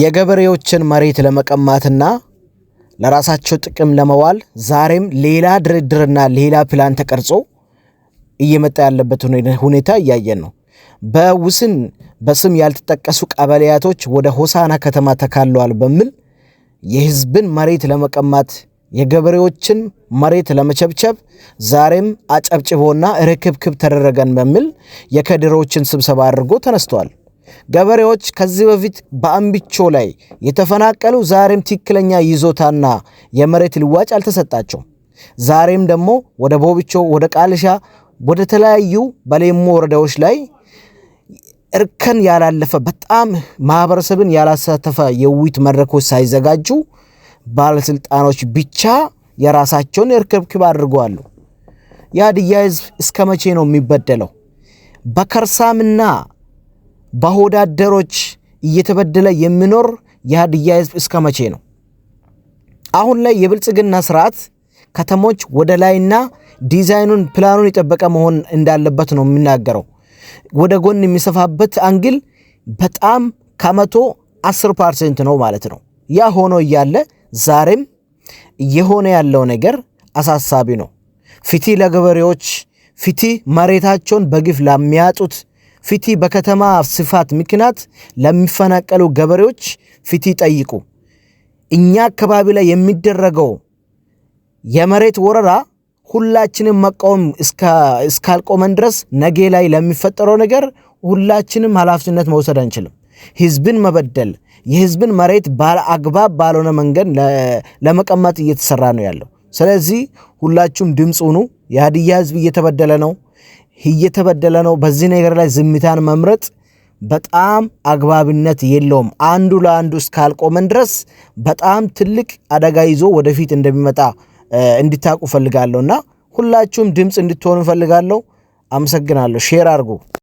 የገበሬዎችን መሬት ለመቀማትና ለራሳቸው ጥቅም ለመዋል ዛሬም ሌላ ድርድርና ሌላ ፕላን ተቀርጾ እየመጣ ያለበት ሁኔታ እያየን ነው። በውስን በስም ያልተጠቀሱ ቀበሌያቶች ወደ ሆሳና ከተማ ተካለዋል በሚል የህዝብን መሬት ለመቀማት የገበሬዎችን መሬት ለመቸብቸብ ዛሬም አጨብጭቦና ርክብክብ ተደረገን በሚል የከድሮችን ስብሰባ አድርጎ ተነስተዋል። ገበሬዎች ከዚህ በፊት በአምቢቾ ላይ የተፈናቀሉ ዛሬም ትክክለኛ ይዞታና የመሬት ልዋጭ አልተሰጣቸውም። ዛሬም ደግሞ ወደ ቦብቾ፣ ወደ ቃልሻ፣ ወደ ተለያዩ በሌሞ ወረዳዎች ላይ እርከን ያላለፈ በጣም ማህበረሰብን ያላሳተፈ የውይይት መድረኮች ሳይዘጋጁ ባለስልጣኖች ብቻ የራሳቸውን እርክብክብ አድርገዋሉ። የሀዲያ ህዝብ እስከ መቼ ነው የሚበደለው? በከርሳምና በሆዳደሮች እየተበደለ የሚኖር የሀዲያ ህዝብ እስከ መቼ ነው? አሁን ላይ የብልጽግና ስርዓት ከተሞች ወደ ላይና ዲዛይኑን ፕላኑን የጠበቀ መሆን እንዳለበት ነው የሚናገረው። ወደ ጎን የሚሰፋበት አንግል በጣም ከመቶ 10 ፐርሰንት ነው ማለት ነው። ያ ሆኖ እያለ ዛሬም የሆነ ያለው ነገር አሳሳቢ ነው። ፍትህ ለገበሬዎች፣ ፍትህ መሬታቸውን በግፍ ለሚያጡት ፊቲ በከተማ ስፋት ምክንያት ለሚፈናቀሉ ገበሬዎች ፊቲ ጠይቁ። እኛ አካባቢ ላይ የሚደረገው የመሬት ወረራ ሁላችንም መቃወም እስካልቆመን ድረስ ነገ ላይ ለሚፈጠረው ነገር ሁላችንም ኃላፊነት መውሰድ አንችልም። ህዝብን መበደል፣ የህዝብን መሬት አግባብ ባልሆነ መንገድ ለመቀማት እየተሰራ ነው ያለው። ስለዚህ ሁላችሁም ድምፅ ሁኑ። የሀዲያ ህዝብ እየተበደለ ነው። እየተበደለ ነው። በዚህ ነገር ላይ ዝምታን መምረጥ በጣም አግባብነት የለውም። አንዱ ለአንዱ እስካልቆመን ድረስ በጣም ትልቅ አደጋ ይዞ ወደፊት እንደሚመጣ እንድታቁ ፈልጋለሁ እና ሁላችሁም ድምፅ እንድትሆኑ ፈልጋለሁ። አመሰግናለሁ። ሼር አድርጉ።